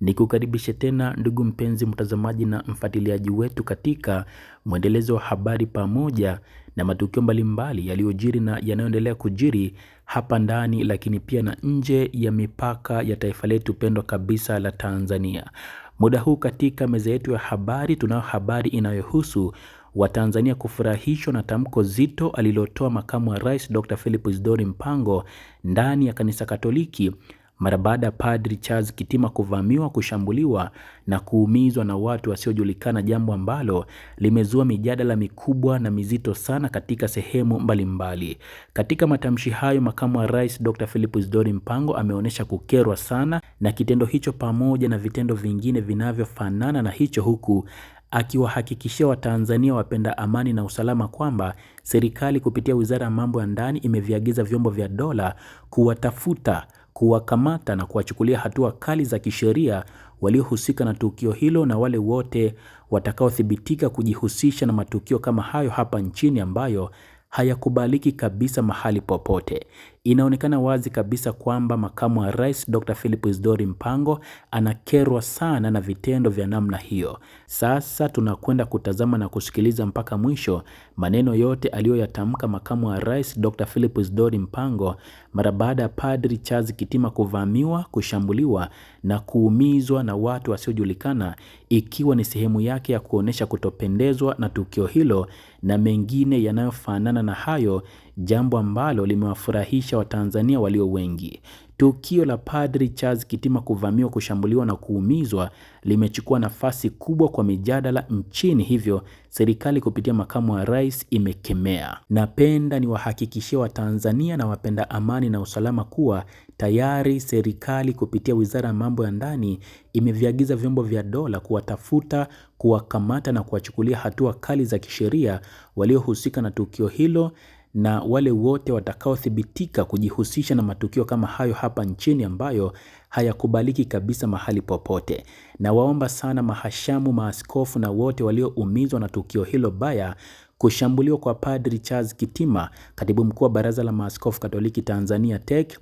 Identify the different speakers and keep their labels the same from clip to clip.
Speaker 1: Nikukaribishe tena ndugu mpenzi mtazamaji na mfuatiliaji wetu katika mwendelezo wa habari pamoja na matukio mbalimbali yaliyojiri na yanayoendelea kujiri hapa ndani lakini pia na nje ya mipaka ya taifa letu pendwa kabisa la Tanzania. Muda huu katika meza yetu ya habari tunayo habari inayohusu Watanzania kufurahishwa na tamko zito alilotoa makamu wa rais Dr. Philip Isdori Mpango ndani ya kanisa Katoliki mara baada ya Padri Charles Kitima kuvamiwa, kushambuliwa na kuumizwa na watu wasiojulikana, jambo ambalo limezua mijadala mikubwa na mizito sana katika sehemu mbalimbali mbali. Katika matamshi hayo, makamu wa rais Dr. Philip Isdori Mpango ameonyesha kukerwa sana na kitendo hicho pamoja na vitendo vingine vinavyofanana na hicho huku akiwahakikishia Watanzania wapenda amani na usalama kwamba serikali kupitia Wizara ya Mambo ya Ndani imeviagiza vyombo vya dola kuwatafuta kuwakamata na kuwachukulia hatua kali za kisheria waliohusika na tukio hilo na wale wote watakaothibitika kujihusisha na matukio kama hayo hapa nchini ambayo hayakubaliki kabisa mahali popote. Inaonekana wazi kabisa kwamba makamu wa rais Dr. Philip Isidori Mpango anakerwa sana na vitendo vya namna hiyo. Sasa tunakwenda kutazama na kusikiliza mpaka mwisho maneno yote aliyoyatamka makamu wa rais Dr. Philip Isidori Mpango mara baada ya Padri Charles Kitima kuvamiwa, kushambuliwa na kuumizwa na watu wasiojulikana, ikiwa ni sehemu yake ya kuonyesha kutopendezwa na tukio hilo na mengine yanayofanana na hayo jambo ambalo limewafurahisha Watanzania walio wengi. Tukio la Padri Charles Kitima kuvamiwa, kushambuliwa na kuumizwa limechukua nafasi kubwa kwa mijadala nchini, hivyo serikali kupitia makamu wa rais imekemea. Napenda niwahakikishie Watanzania na wapenda amani na usalama kuwa tayari serikali kupitia Wizara ya Mambo ya Ndani imeviagiza vyombo vya dola kuwatafuta, kuwakamata na kuwachukulia hatua kali za kisheria waliohusika na tukio hilo na wale wote watakaothibitika kujihusisha na matukio kama hayo hapa nchini ambayo hayakubaliki kabisa mahali popote. Na waomba sana mahashamu, maaskofu na wote walioumizwa na tukio hilo baya kushambuliwa kwa Padri Charles Kitima, katibu mkuu wa Baraza la Maaskofu Katoliki Tanzania TEC,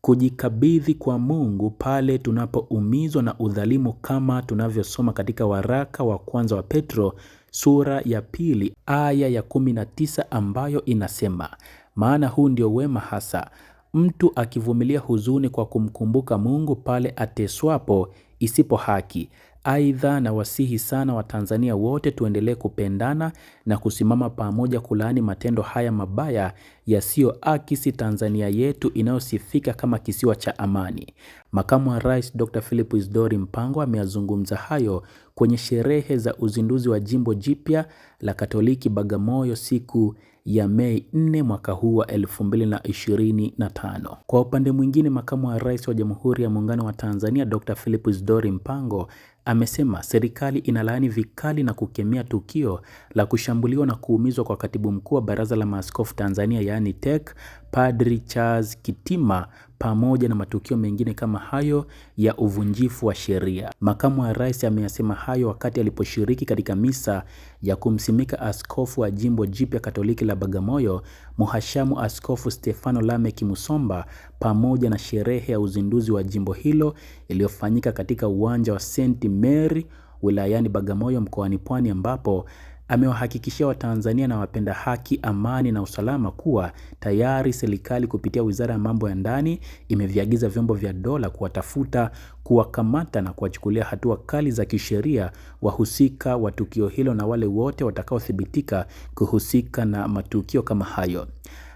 Speaker 1: kujikabidhi kwa Mungu pale tunapoumizwa na udhalimu kama tunavyosoma katika waraka wa kwanza wa Petro sura ya pili aya ya 19 ambayo inasema, maana huu ndio wema hasa mtu akivumilia huzuni kwa kumkumbuka Mungu pale ateswapo isipo haki. Aidha, na wasihi sana Watanzania wote tuendelee kupendana na kusimama pamoja kulaani matendo haya mabaya yasiyoakisi Tanzania yetu inayosifika kama kisiwa cha amani. Makamu wa Rais Dr. Philip Isidori Mpango ameyazungumza hayo kwenye sherehe za uzinduzi wa jimbo jipya la Katoliki Bagamoyo siku ya Mei 4 mwaka huu wa 2025. Kwa upande mwingine, makamu wa rais wa Jamhuri ya Muungano wa Tanzania Dr. Philip Isdori Mpango amesema serikali inalaani vikali na kukemea tukio la kushambuliwa na kuumizwa kwa katibu mkuu wa Baraza la Maaskofu Tanzania yaani TEC Padri Charles Kitima pamoja na matukio mengine kama hayo ya uvunjifu wa sheria. Makamu wa rais ameyasema hayo wakati aliposhiriki katika misa ya kumsimika askofu wa jimbo jipya Katoliki la Bagamoyo, Mhashamu Askofu Stefano lameki Musomba pamoja na sherehe ya uzinduzi wa jimbo hilo iliyofanyika katika uwanja wa St. Mary wilayani Bagamoyo mkoani Pwani ambapo amewahakikishia Watanzania na wapenda haki, amani na usalama kuwa tayari serikali kupitia Wizara ya Mambo ya Ndani imeviagiza vyombo vya dola kuwatafuta, kuwakamata na kuwachukulia hatua kali za kisheria wahusika wa tukio hilo na wale wote watakaothibitika kuhusika na matukio kama hayo.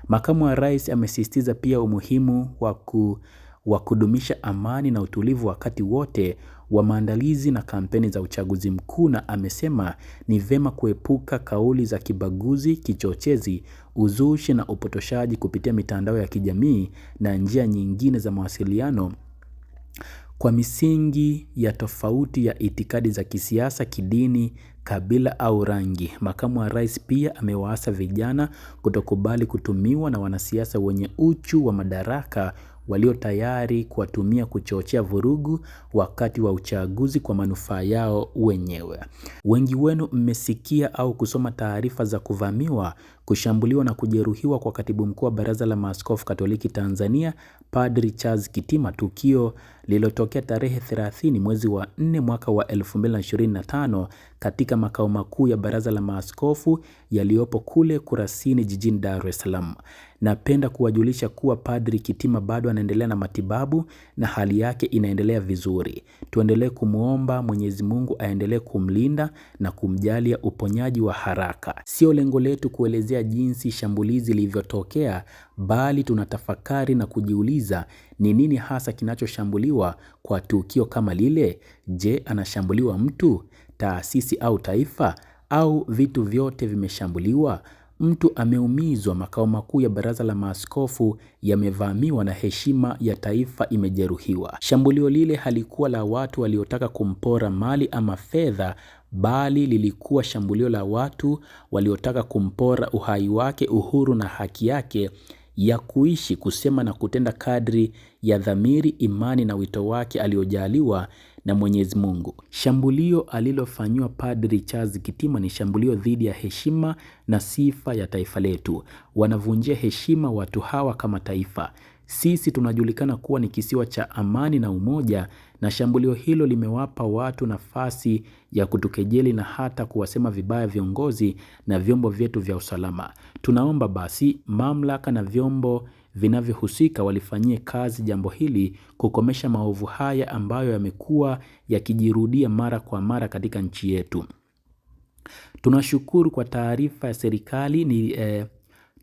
Speaker 1: Makamu wa Rais amesisitiza pia umuhimu wa ku wa kudumisha amani na utulivu wakati wote wa maandalizi na kampeni za uchaguzi mkuu na amesema ni vema kuepuka kauli za kibaguzi, kichochezi, uzushi na upotoshaji kupitia mitandao ya kijamii na njia nyingine za mawasiliano kwa misingi ya tofauti ya itikadi za kisiasa, kidini, kabila au rangi. Makamu wa Rais pia amewaasa vijana kutokubali kutumiwa na wanasiasa wenye uchu wa madaraka walio tayari kuwatumia kuchochea vurugu wakati wa uchaguzi kwa manufaa yao wenyewe. Wengi wenu mmesikia au kusoma taarifa za kuvamiwa, kushambuliwa na kujeruhiwa kwa katibu mkuu wa Baraza la Maaskofu Katoliki Tanzania, Padri Charles Kitima, tukio lililotokea tarehe 30 mwezi wa 4 mwaka wa 2025 katika makao makuu ya Baraza la Maaskofu yaliyopo kule Kurasini jijini Dar es Salaam. Napenda kuwajulisha kuwa Padri Kitima bado anaendelea na matibabu na hali yake inaendelea vizuri. Tuendelee kumwomba Mwenyezi Mungu aendelee kumlinda na kumjalia uponyaji wa haraka. Sio lengo letu kuelezea jinsi shambulizi lilivyotokea, bali tunatafakari na kujiuliza ni nini hasa kinachoshambuliwa kwa tukio kama lile. Je, anashambuliwa mtu? taasisi au taifa au vitu vyote vimeshambuliwa, mtu ameumizwa, makao makuu ya baraza la maaskofu yamevamiwa na heshima ya taifa imejeruhiwa. Shambulio lile halikuwa la watu waliotaka kumpora mali ama fedha, bali lilikuwa shambulio la watu waliotaka kumpora uhai wake, uhuru na haki yake ya kuishi, kusema na kutenda kadri ya dhamiri, imani na wito wake aliojaliwa na Mwenyezi Mungu. Shambulio alilofanyiwa Padri Charles Kitima ni shambulio dhidi ya heshima na sifa ya taifa letu. Wanavunjia heshima watu hawa kama taifa. Sisi tunajulikana kuwa ni kisiwa cha amani na umoja, na shambulio hilo limewapa watu nafasi ya kutukejeli na hata kuwasema vibaya viongozi na vyombo vyetu vya usalama. Tunaomba basi mamlaka na vyombo vinavyohusika walifanyie kazi jambo hili kukomesha maovu haya ambayo yamekuwa yakijirudia mara kwa mara katika nchi yetu. Tunashukuru kwa taarifa ya serikali ni eh,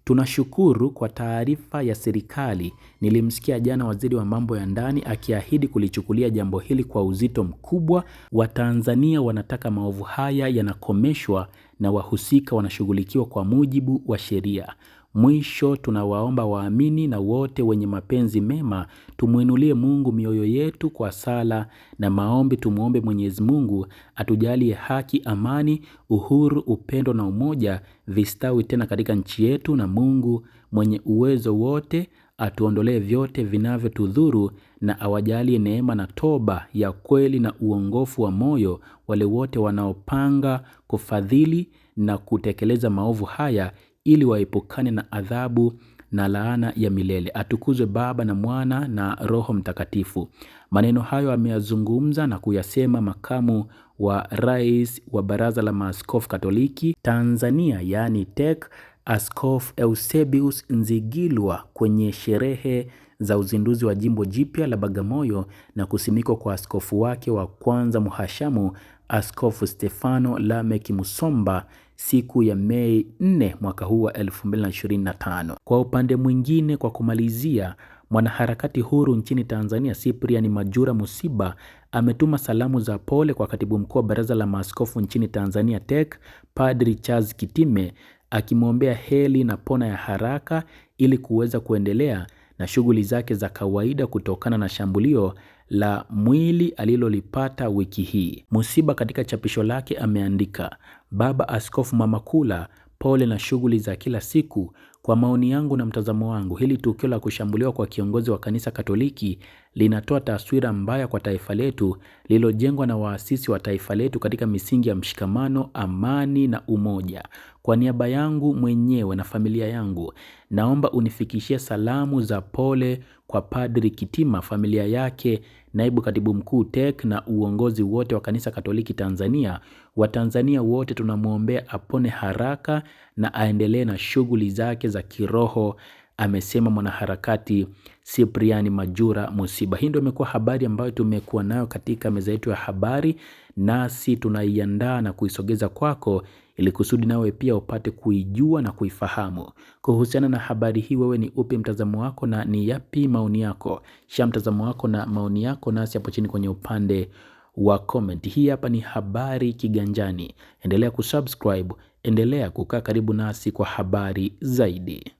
Speaker 1: tunashukuru kwa taarifa ya serikali. Nilimsikia jana waziri wa mambo ya ndani akiahidi kulichukulia jambo hili kwa uzito mkubwa. Watanzania wanataka maovu haya yanakomeshwa na wahusika wanashughulikiwa kwa mujibu wa sheria. Mwisho tunawaomba waamini na wote wenye mapenzi mema tumwinulie Mungu mioyo yetu kwa sala na maombi. Tumwombe Mwenyezi Mungu atujalie haki, amani, uhuru, upendo na umoja vistawi tena katika nchi yetu, na Mungu mwenye uwezo wote atuondolee vyote vinavyotudhuru na awajalie neema na toba ya kweli na uongofu wa moyo wale wote wanaopanga kufadhili na kutekeleza maovu haya ili waepukane na adhabu na laana ya milele. Atukuzwe Baba na Mwana na Roho Mtakatifu. Maneno hayo ameyazungumza na kuyasema makamu wa rais wa Baraza la Maaskofu Katoliki Tanzania, yaani TEC, Askofu Eusebius Nzigilwa kwenye sherehe za uzinduzi wa jimbo jipya la Bagamoyo na kusimikwa kwa askofu wake wa kwanza muhashamu Askofu Stefano Lameki Musomba siku ya Mei 4 mwaka huu wa 2025. Kwa upande mwingine, kwa kumalizia, mwanaharakati huru nchini Tanzania Cyprian Majura Musiba ametuma salamu za pole kwa katibu mkuu wa Baraza la Maaskofu nchini Tanzania TEC Padri Charles Kitime akimwombea heli na pona ya haraka ili kuweza kuendelea na shughuli zake za kawaida kutokana na shambulio la mwili alilolipata wiki hii. Musiba katika chapisho lake ameandika, Baba Askofu Mamakula, pole na shughuli za kila siku. Kwa maoni yangu na mtazamo wangu, hili tukio la kushambuliwa kwa kiongozi wa kanisa Katoliki linatoa taswira mbaya kwa taifa letu lililojengwa na waasisi wa taifa letu katika misingi ya mshikamano, amani na umoja. Kwa niaba yangu mwenyewe na familia yangu, naomba unifikishie salamu za pole kwa Padri Kitima, familia yake naibu katibu mkuu TEC na uongozi wote wa Kanisa Katoliki Tanzania. Watanzania wote tunamwombea apone haraka na aendelee na shughuli zake za kiroho, amesema mwanaharakati sipriani Majura Musiba. Hii ndio imekuwa habari ambayo tumekuwa nayo katika meza yetu ya habari, nasi tunaiandaa na kuisogeza kwako ili kusudi nawe pia upate kuijua na kuifahamu. Kuhusiana na habari hii, wewe ni upi mtazamo wako na ni yapi maoni yako? sha mtazamo wako na maoni yako nasi hapo chini kwenye upande wa comment. Hii hapa ni Habari Kiganjani. Endelea kusubscribe, endelea kukaa karibu nasi kwa habari zaidi.